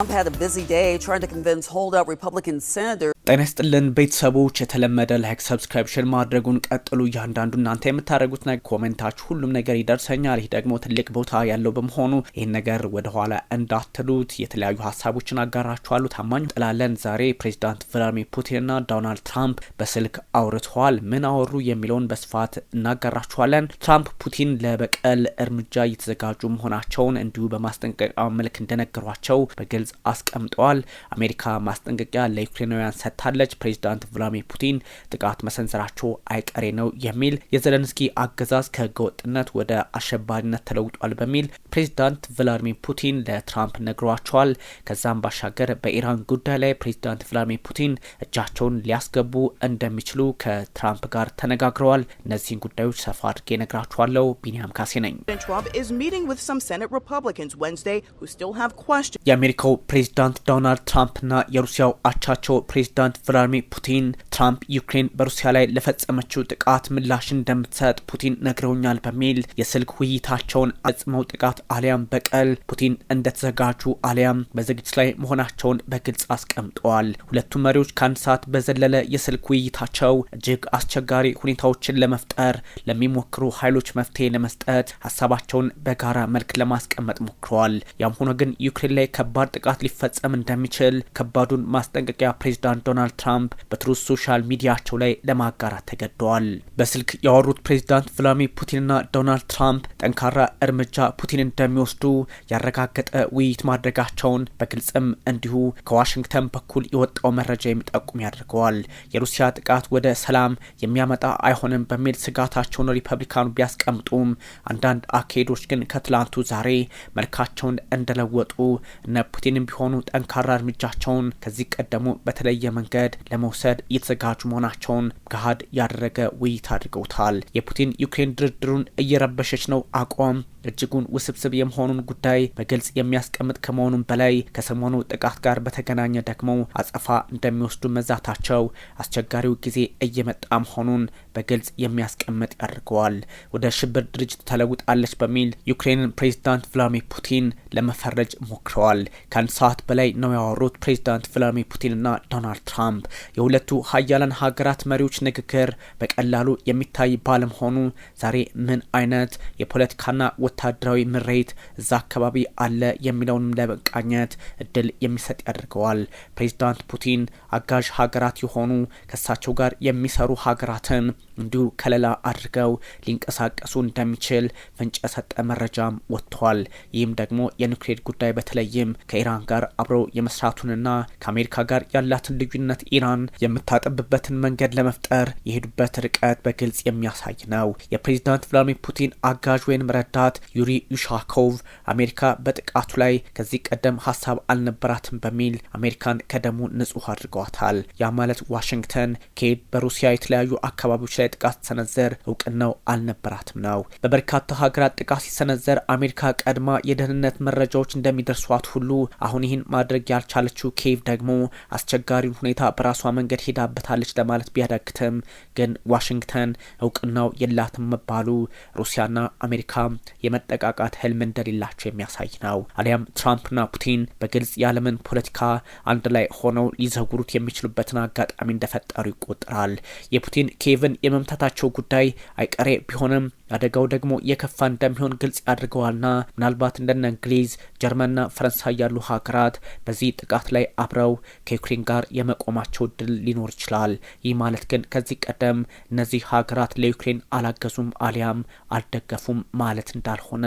Trump had a busy day trying to convince holdout Republican senators. ጤና ይስጥልን ቤተሰቦች፣ የተለመደ ላይክ ሰብስክሪፕሽን ማድረጉን ቀጥሉ። እያንዳንዱ እናንተ የምታደርጉት ነገር ኮሜንታችሁ፣ ሁሉም ነገር ይደርሰኛል። ይህ ደግሞ ትልቅ ቦታ ያለው በመሆኑ ይህን ነገር ወደኋላ እንዳትሉት። የተለያዩ ሀሳቦችን አጋራችኋሉ። ታማኝ ጥላለን ዛሬ ፕሬዚዳንት ፑቲን ፑቲንና ዶናልድ ትራምፕ በስልክ አውርተዋል። ምን አወሩ የሚለውን በስፋት እናጋራችኋለን። ትራምፕ ፑቲን ለበቀል እርምጃ እየተዘጋጁ መሆናቸውን እንዲሁ በማስጠንቀቂያ መልክ እንደነገሯቸው በግልጽ አስቀምጠዋል። አሜሪካ ማስጠንቀቂያ ለዩክሬናውያን ሰ መታለች። ፕሬዚዳንት ቭላዲሚር ፑቲን ጥቃት መሰንዘራቸው አይቀሬ ነው የሚል የዘለንስኪ አገዛዝ ከህገወጥነት ወደ አሸባሪነት ተለውጧል በሚል ፕሬዚዳንት ቭላዲሚር ፑቲን ለትራምፕ ነግሯቸዋል። ከዛም ባሻገር በኢራን ጉዳይ ላይ ፕሬዚዳንት ቭላዲሚር ፑቲን እጃቸውን ሊያስገቡ እንደሚችሉ ከትራምፕ ጋር ተነጋግረዋል። እነዚህን ጉዳዮች ሰፋ አድርጌ ነግራችኋለሁ። ቢንያም ካሴ ነኝ። የአሜሪካው ፕሬዚዳንት ዶናልድ ትራምፕና የሩሲያው አቻቸው ፕሬዚዳንት ፕሬዚዳንት ቭላዲሚር ፑቲን ትራምፕ ዩክሬን በሩሲያ ላይ ለፈጸመችው ጥቃት ምላሽ እንደምትሰጥ ፑቲን ነግረውኛል በሚል የስልክ ውይይታቸውን አጽመው ጥቃት አሊያም በቀል ፑቲን እንደተዘጋጁ አሊያም በዝግጅት ላይ መሆናቸውን በግልጽ አስቀምጠዋል። ሁለቱም መሪዎች ከአንድ ሰዓት በዘለለ የስልክ ውይይታቸው እጅግ አስቸጋሪ ሁኔታዎችን ለመፍጠር ለሚሞክሩ ኃይሎች መፍትሄ ለመስጠት ሀሳባቸውን በጋራ መልክ ለማስቀመጥ ሞክረዋል። ያም ሆኖ ግን ዩክሬን ላይ ከባድ ጥቃት ሊፈጸም እንደሚችል ከባዱን ማስጠንቀቂያ ፕሬዚዳንት ዶናልድ ትራምፕ በትሩዝ ሶሻል ሚዲያቸው ላይ ለማጋራት ተገደዋል። በስልክ ያወሩት ፕሬዚዳንት ቭላዲሚር ፑቲንና ዶናልድ ትራምፕ ጠንካራ እርምጃ ፑቲን እንደሚወስዱ ያረጋገጠ ውይይት ማድረጋቸውን በግልጽም እንዲሁ ከዋሽንግተን በኩል የወጣው መረጃ የሚጠቁም ያደርገዋል። የሩሲያ ጥቃት ወደ ሰላም የሚያመጣ አይሆንም በሚል ስጋታቸውን ሪፐብሊካኑ ቢያስቀምጡም አንዳንድ አካሄዶች ግን ከትላንቱ ዛሬ መልካቸውን እንደለወጡ እነ ፑቲንም ቢሆኑ ጠንካራ እርምጃቸውን ከዚህ ቀደሙ በተለየ መንገድ ለመውሰድ እየተዘጋጁ መሆናቸውን ገሃድ ያደረገ ውይይት አድርገውታል። የፑቲን ዩክሬን ድርድሩን እየረበሸች ነው አቋም እጅጉን ውስብስብ የመሆኑን ጉዳይ በግልጽ የሚያስቀምጥ ከመሆኑም በላይ ከሰሞኑ ጥቃት ጋር በተገናኘ ደግሞ አጸፋ እንደሚወስዱ መዛታቸው አስቸጋሪው ጊዜ እየመጣ መሆኑን በግልጽ የሚያስቀምጥ ያደርገዋል። ወደ ሽብር ድርጅት ተለውጣለች በሚል ዩክሬንን ፕሬዚዳንት ቭላድሚር ፑቲን ለመፈረጅ ሞክረዋል። ከአንድ ሰዓት በላይ ነው ያወሩት ፕሬዚዳንት ቭላድሚር ፑቲንና ዶናልድ ትራምፕ። የሁለቱ ሀያላን ሀገራት መሪዎች ንግግር በቀላሉ የሚታይ ባለመሆኑ ዛሬ ምን አይነት የፖለቲካና ወ ወታደራዊ ምሬት እዛ አካባቢ አለ የሚለውንም ለመቃኘት እድል የሚሰጥ ያደርገዋል። ፕሬዚዳንት ፑቲን አጋዥ ሀገራት የሆኑ ከሳቸው ጋር የሚሰሩ ሀገራትን እንዲሁ ከለላ አድርገው ሊንቀሳቀሱ እንደሚችል ፍንጭ የሰጠ መረጃም ወጥቷል። ይህም ደግሞ የኒውክሌር ጉዳይ በተለይም ከኢራን ጋር አብረው የመስራቱንና ከአሜሪካ ጋር ያላትን ልዩነት ኢራን የምታጠብበትን መንገድ ለመፍጠር የሄዱበት ርቀት በግልጽ የሚያሳይ ነው። የፕሬዚዳንት ቭላዲሚር ፑቲን አጋዥ ወይም ረዳት ዩሪ ዩሻኮቭ አሜሪካ በጥቃቱ ላይ ከዚህ ቀደም ሀሳብ አልነበራትም በሚል አሜሪካን ከደሙ ንጹህ አድርገዋታል። ያ ማለት ዋሽንግተን ኬድ በሩሲያ የተለያዩ አካባቢዎች ላይ ጥቃት ሲሰነዘር እውቅናው አልነበራትም ነው። በበርካታ ሀገራት ጥቃት ሲሰነዘር አሜሪካ ቀድማ የደህንነት መረጃዎች እንደሚደርሷት ሁሉ አሁን ይህን ማድረግ ያልቻለችው ኬቭ ደግሞ አስቸጋሪውን ሁኔታ በራሷ መንገድ ሄዳበታለች ለማለት ቢያዳግትም ግን ዋሽንግተን እውቅናው የላትም መባሉ ሩሲያና አሜሪካ የመጠቃቃት ህልም እንደሌላቸው የሚያሳይ ነው። አሊያም ትራምፕና ፑቲን በግልጽ የዓለምን ፖለቲካ አንድ ላይ ሆነው ሊዘጉሩት የሚችሉበትን አጋጣሚ እንደፈጠሩ ይቆጠራል። የፑቲን ኬቭን የመምታታቸው ጉዳይ አይቀሬ ቢሆንም አደጋው ደግሞ የከፋ እንደሚሆን ግልጽ ያድርገዋልና ምናልባት እንደነ እንግሊዝ፣ ጀርመንና ፈረንሳይ ያሉ ሀገራት በዚህ ጥቃት ላይ አብረው ከዩክሬን ጋር የመቆማቸው እድል ሊኖር ይችላል። ይህ ማለት ግን ከዚህ ቀደም እነዚህ ሀገራት ለዩክሬን አላገዙም አሊያም አልደገፉም ማለት እንዳልሆነ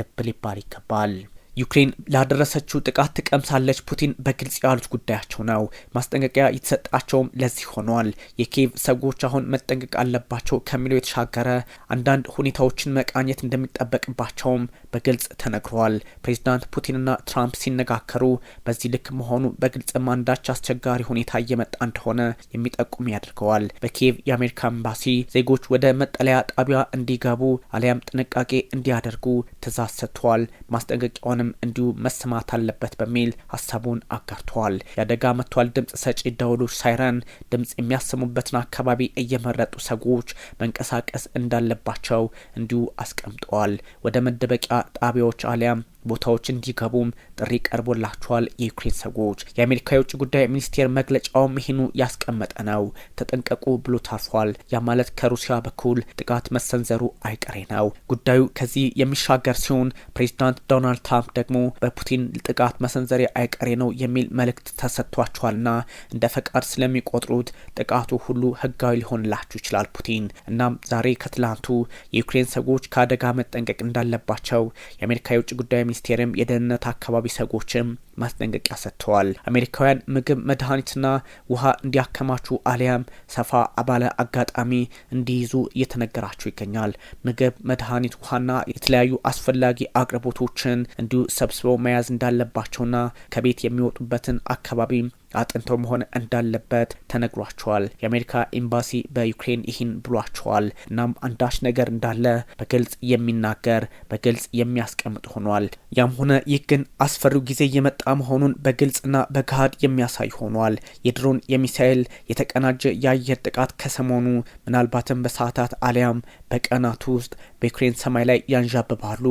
ልብ ሊባል ይገባል። ዩክሬን ላደረሰችው ጥቃት ትቀምሳለች ፑቲን በግልጽ ያሉት ጉዳያቸው ነው። ማስጠንቀቂያ የተሰጣቸውም ለዚህ ሆኗል። የኪየቭ ሰዎች አሁን መጠንቀቅ አለባቸው ከሚለው የተሻገረ አንዳንድ ሁኔታዎችን መቃኘት እንደሚጠበቅባቸውም በግልጽ ተነግሯል። ፕሬዚዳንት ፑቲንና ትራምፕ ሲነጋከሩ በዚህ ልክ መሆኑ በግልጽም አንዳች አስቸጋሪ ሁኔታ እየመጣ እንደሆነ የሚጠቁም ያደርገዋል። በኪየቭ የአሜሪካ ኤምባሲ ዜጎች ወደ መጠለያ ጣቢያ እንዲገቡ አሊያም ጥንቃቄ እንዲያደርጉ ትዕዛዝ ሰጥቷል። ማስጠንቀቂያ ድምጿንም እንዲሁ መሰማት አለበት በሚል ሀሳቡን አጋርተዋል። የአደጋ መጥቷል ድምፅ ሰጪ ደወሎች ሳይረን ድምፅ የሚያሰሙበትን አካባቢ እየመረጡ ሰዎች መንቀሳቀስ እንዳለባቸው እንዲሁ አስቀምጠዋል። ወደ መደበቂያ ጣቢያዎች አሊያም ቦታዎች እንዲገቡም ጥሪ ቀርቦላቸዋል የዩክሬን ሰዎች። የአሜሪካ የውጭ ጉዳይ ሚኒስቴር መግለጫውም ይህኑ ያስቀመጠ ነው። ተጠንቀቁ ብሎ ታርፏል። ያ ማለት ከሩሲያ በኩል ጥቃት መሰንዘሩ አይቀሬ ነው። ጉዳዩ ከዚህ የሚሻገር ሲሆን ፕሬዚዳንት ዶናልድ ትራምፕ ደግሞ በፑቲን ጥቃት መሰንዘሬ አይቀሬ ነው የሚል መልእክት ተሰጥቷቸዋልና እንደ ፈቃድ ስለሚቆጥሩት ጥቃቱ ሁሉ ህጋዊ ሊሆንላችሁ ይችላል ፑቲን። እናም ዛሬ ከትላንቱ የዩክሬን ሰዎች ከአደጋ መጠንቀቅ እንዳለባቸው የአሜሪካ የውጭ ጉዳይ ሚኒስቴርም የደህንነት አካባቢ ሰዎችም ማስጠንቀቂያ ሰጥተዋል። አሜሪካውያን ምግብ፣ መድኃኒትና ውሃ እንዲያከማቹ አሊያም ሰፋ ባለ አጋጣሚ እንዲይዙ እየተነገራቸው ይገኛል። ምግብ፣ መድኃኒት፣ ውሃና የተለያዩ አስፈላጊ አቅርቦቶችን እንዲሁ ሰብስበው መያዝ እንዳለባቸውና ከቤት የሚወጡበትን አካባቢ አጥንተውም ሆነ እንዳለበት ተነግሯቸዋል። የአሜሪካ ኤምባሲ በዩክሬን ይህን ብሏቸዋል። እናም አንዳች ነገር እንዳለ በግልጽ የሚናገር በግልጽ የሚያስቀምጥ ሆኗል። ያም ሆነ ይህ ግን አስፈሪው ጊዜ የመጣ መሆኑን በግልጽና በገሃድ የሚያሳይ ሆኗል። የድሮን የሚሳኤል የተቀናጀ የአየር ጥቃት ከሰሞኑ ምናልባትም በሰዓታት አሊያም በቀናቱ ውስጥ በዩክሬን ሰማይ ላይ ያንዣብባሉ፣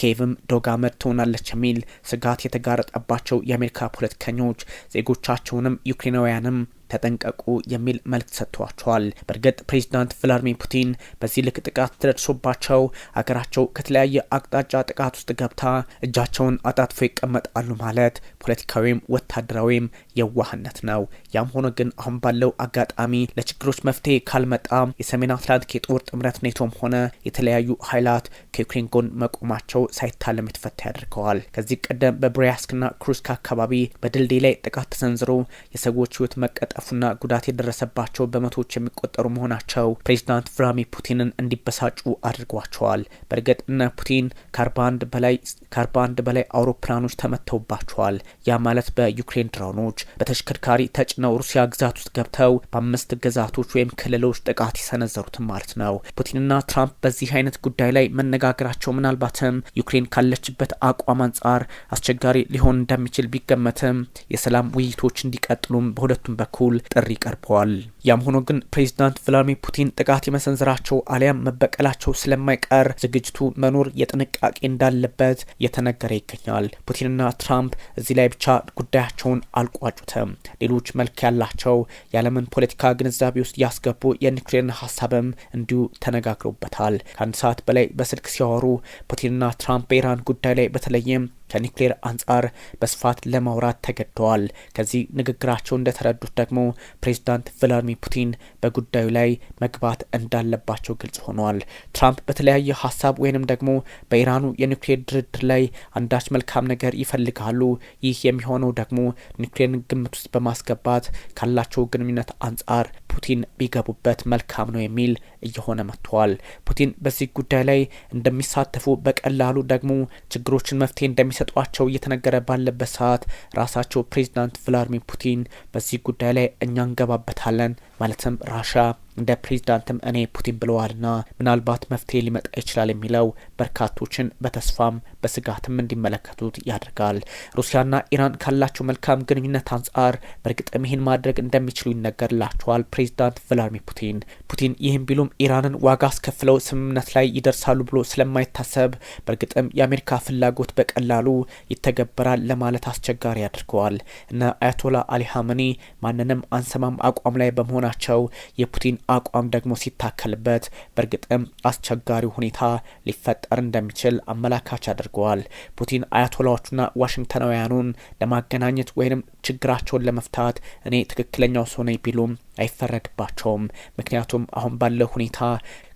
ኬቭም ዶግ አመድ ትሆናለች የሚል ስጋት የተጋረጠባቸው የአሜሪካ ፖለቲከኞች ዜጎቻቸው መሆናቸውንም ዩክሬናውያንም ተጠንቀቁ የሚል መልእክት ሰጥቷቸዋል። በእርግጥ ፕሬዚዳንት ቭላዲሚር ፑቲን በዚህ ልክ ጥቃት ተደርሶባቸው ሀገራቸው ከተለያየ አቅጣጫ ጥቃት ውስጥ ገብታ እጃቸውን አጣጥፎ ይቀመጣሉ ማለት ፖለቲካዊም ወታደራዊም የዋህነት ነው። ያም ሆኖ ግን አሁን ባለው አጋጣሚ ለችግሮች መፍትሄ ካልመጣ የሰሜን አትላንቲክ የጦር ጥምረት ኔቶም ሆነ የተለያዩ ኃይላት ከዩክሬን ጎን መቆማቸው ሳይታለም የተፈታ ያደርገዋል። ከዚህ ቀደም በብሪያስክና ክሩስክ አካባቢ በድልድይ ላይ ጥቃት ተሰንዝሮ የሰዎች ህይወት መቀጠ የጠፉና ጉዳት የደረሰባቸው በመቶዎች የሚቆጠሩ መሆናቸው ፕሬዚዳንት ቭላድሚር ፑቲንን እንዲበሳጩ አድርጓቸዋል። በእርግጥ እነ ፑቲን ከአርባ አንድ በላይ አውሮፕላኖች ተመተውባቸዋል። ያ ማለት በዩክሬን ድሮኖች በተሽከርካሪ ተጭነው ሩሲያ ግዛት ውስጥ ገብተው በአምስት ግዛቶች ወይም ክልሎች ጥቃት የሰነዘሩትም ማለት ነው። ፑቲንና ትራምፕ በዚህ አይነት ጉዳይ ላይ መነጋገራቸው ምናልባትም ዩክሬን ካለችበት አቋም አንጻር አስቸጋሪ ሊሆን እንደሚችል ቢገመትም የሰላም ውይይቶች እንዲቀጥሉም በሁለቱም በኩል በኩል ጥሪ ቀርበዋል። ያም ሆኖ ግን ፕሬዚዳንት ቭላድሚር ፑቲን ጥቃት የመሰንዘራቸው አሊያም መበቀላቸው ስለማይቀር ዝግጅቱ መኖር የጥንቃቄ እንዳለበት እየተነገረ ይገኛል። ፑቲንና ትራምፕ እዚህ ላይ ብቻ ጉዳያቸውን አልቋጩትም። ሌሎች መልክ ያላቸው የዓለምን ፖለቲካ ግንዛቤ ውስጥ ያስገቡ የኒውክሌርን ሀሳብም እንዲሁ ተነጋግረውበታል። ከአንድ ሰዓት በላይ በስልክ ሲያወሩ ፑቲንና ትራምፕ በኢራን ጉዳይ ላይ በተለይም ከኒክሌር አንጻር በስፋት ለማውራት ተገደዋል። ከዚህ ንግግራቸው እንደተረዱት ደግሞ ፕሬዚዳንት ቭላድሚር ፑቲን በጉዳዩ ላይ መግባት እንዳለባቸው ግልጽ ሆኗል። ትራምፕ በተለያየ ሀሳብ ወይንም ደግሞ በኢራኑ የኒክሌር ድርድር ላይ አንዳች መልካም ነገር ይፈልጋሉ። ይህ የሚሆነው ደግሞ ኒክሌርን ግምት ውስጥ በማስገባት ካላቸው ግንኙነት አንጻር ፑቲን ቢገቡበት መልካም ነው የሚል እየሆነ መጥተዋል። ፑቲን በዚህ ጉዳይ ላይ እንደሚሳተፉ በቀላሉ ደግሞ ችግሮችን መፍትሄ እንደሚ እንደሚሰጧቸው እየተነገረ ባለበት ሰዓት ራሳቸው ፕሬዚዳንት ቭላድሚር ፑቲን በዚህ ጉዳይ ላይ እኛ እንገባበታለን ማለትም ራሻ እንደ ፕሬዚዳንትም እኔ ፑቲን ብለዋልና ምናልባት መፍትሄ ሊመጣ ይችላል የሚለው በርካቶችን በተስፋም በስጋትም እንዲመለከቱት ያደርጋል። ሩሲያና ኢራን ካላቸው መልካም ግንኙነት አንጻር በእርግጥም ይህን ማድረግ እንደሚችሉ ይነገርላቸዋል ፕሬዚዳንት ቭላድሚር ፑቲን። ፑቲን ይህም ቢሉም ኢራንን ዋጋ አስከፍለው ስምምነት ላይ ይደርሳሉ ብሎ ስለማይታሰብ በእርግጥም የአሜሪካ ፍላጎት በቀላሉ ይተገበራል ለማለት አስቸጋሪ ያደርገዋል። እነ አያቶላ አሊ ሀመኒ ማንንም አንሰማም አቋም ላይ በመሆናቸው የፑቲን አቋም ደግሞ ሲታከልበት በእርግጥም አስቸጋሪ ሁኔታ ሊፈጠር እንደሚችል አመላካች አድርገዋል። ፑቲን አያቶላዎቹና ዋሽንግተናውያኑን ለማገናኘት ወይም ችግራቸውን ለመፍታት እኔ ትክክለኛው ሰው ነኝ ቢሉም አይፈረድባቸውም። ምክንያቱም አሁን ባለው ሁኔታ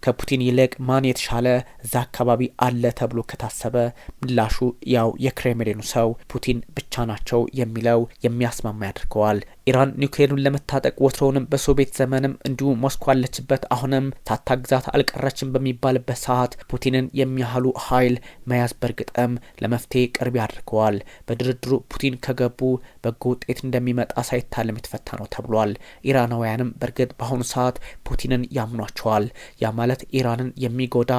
ከፑቲን ይልቅ ማን የተሻለ እዛ አካባቢ አለ ተብሎ ከታሰበ ምላሹ ያው የክሬምሊኑ ሰው ፑቲን ብቻ ናቸው የሚለው የሚያስማማ ያደርገዋል። ኢራን ኒውክሌሩን ለመታጠቅ ወትሮውንም በሶቪየት ዘመንም እንዲሁ ሞስኮ አለችበት፣ አሁንም ታታግዛት አልቀረችም በሚባልበት ሰዓት ፑቲንን የሚያህሉ ኃይል መያዝ በእርግጥም ለመፍትሄ ቅርብ ያደርገዋል። በድርድሩ ፑቲን ከገቡ በጎ ውጤት እንደሚመጣ ሳይታለም የተፈታ ነው ተብሏል። ኢራናውያን ምዕራባውያንም በእርግጥ በአሁኑ ሰዓት ፑቲንን ያምኗቸዋል። ያ ማለት ኢራንን የሚጎዳ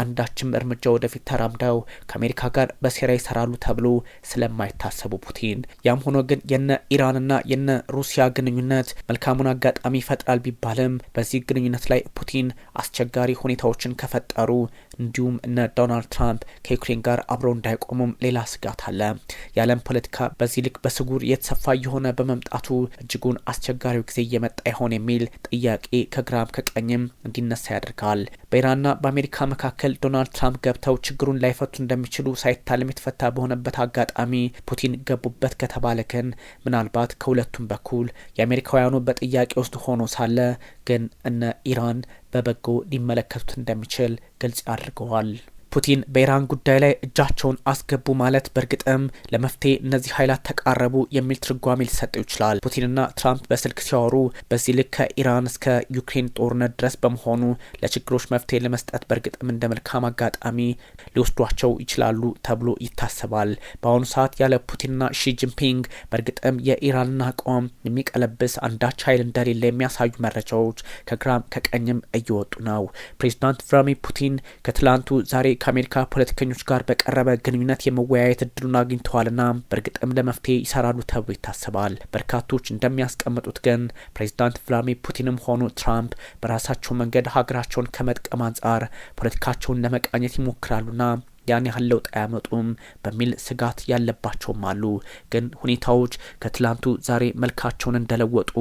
አንዳችም እርምጃ ወደፊት ተራምደው ከአሜሪካ ጋር በሴራ ይሰራሉ ተብሎ ስለማይታሰቡ ፑቲን። ያም ሆኖ ግን የነ ኢራንና የነ ሩሲያ ግንኙነት መልካሙን አጋጣሚ ይፈጥራል ቢባልም በዚህ ግንኙነት ላይ ፑቲን አስቸጋሪ ሁኔታዎችን ከፈጠሩ እንዲሁም እነ ዶናልድ ትራምፕ ከዩክሬን ጋር አብረው እንዳይቆሙም ሌላ ስጋት አለ። የዓለም ፖለቲካ በዚህ ልክ በስጉር የተሰፋ የሆነ በመምጣቱ እጅጉን አስቸጋሪው ጊዜ እየመጣ ሳይሆን የሚል ጥያቄ ከግራም ከቀኝም እንዲነሳ ያደርጋል። በኢራንና በአሜሪካ መካከል ዶናልድ ትራምፕ ገብተው ችግሩን ላይፈቱ እንደሚችሉ ሳይታለም የተፈታ በሆነበት አጋጣሚ ፑቲን ገቡበት ከተባለ ግን ምናልባት ከሁለቱም በኩል የአሜሪካውያኑ በጥያቄ ውስጥ ሆኖ ሳለ ግን እነ ኢራን በበጎ ሊመለከቱት እንደሚችል ግልጽ አድርገዋል። ፑቲን በኢራን ጉዳይ ላይ እጃቸውን አስገቡ ማለት በእርግጥም ለመፍትሄ እነዚህ ኃይላት ተቃረቡ የሚል ትርጓሜ ሊሰጠው ይችላል። ፑቲንና ትራምፕ በስልክ ሲያወሩ በዚህ ልክ ከኢራን እስከ ዩክሬን ጦርነት ድረስ በመሆኑ ለችግሮች መፍትሄ ለመስጠት በእርግጥም እንደ መልካም አጋጣሚ ሊወስዷቸው ይችላሉ ተብሎ ይታሰባል። በአሁኑ ሰዓት ያለ ፑቲንና ሺጂንፒንግ በእርግጥም የኢራንን አቋም የሚቀለብስ አንዳች ኃይል እንደሌለ የሚያሳዩ መረጃዎች ከግራም ከቀኝም እየወጡ ነው። ፕሬዚዳንት ቭላድሚር ፑቲን ከትላንቱ ዛሬ ከአሜሪካ ፖለቲከኞች ጋር በቀረበ ግንኙነት የመወያየት እድሉን አግኝተዋልና በእርግጥም ለመፍትሄ ይሰራሉ ተብሎ ይታሰባል። በርካቶች እንደሚያስቀምጡት ግን ፕሬዚዳንት ቭላድሚር ፑቲንም ሆኑ ትራምፕ በራሳቸው መንገድ ሀገራቸውን ከመጥቀም አንጻር ፖለቲካቸውን ለመቃኘት ይሞክራሉና ያን ያህል ለውጥ አያመጡም በሚል ስጋት ያለባቸውም አሉ። ግን ሁኔታዎች ከትላንቱ ዛሬ መልካቸውን እንደለወጡ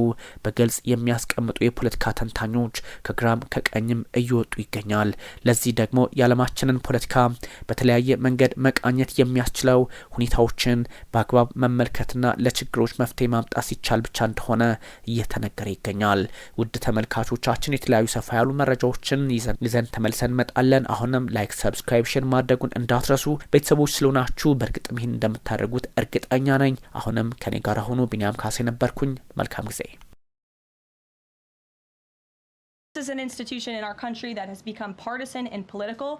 በግልጽ የሚያስቀምጡ የፖለቲካ ተንታኞች ከግራም ከቀኝም እየወጡ ይገኛል። ለዚህ ደግሞ የዓለማችንን ፖለቲካ በተለያየ መንገድ መቃኘት የሚያስችለው ሁኔታዎችን በአግባብ መመልከትና ለችግሮች መፍትሄ ማምጣት ሲቻል ብቻ እንደሆነ እየተነገረ ይገኛል። ውድ ተመልካቾቻችን የተለያዩ ሰፋ ያሉ መረጃዎችን ይዘን ተመልሰን እንመጣለን። አሁንም ላይክ፣ ሰብስክራይብ፣ ማድረጉን እንዳትረሱ። ቤተሰቦች ስለሆናችሁ በእርግጥም ይህን እንደምታደርጉት እርግጠኛ ነኝ። አሁንም ከኔ ጋር ሆኑ። ቢንያም ካሴ ነበርኩኝ። መልካም ጊዜ። This is an institution in our country that has become partisan and political.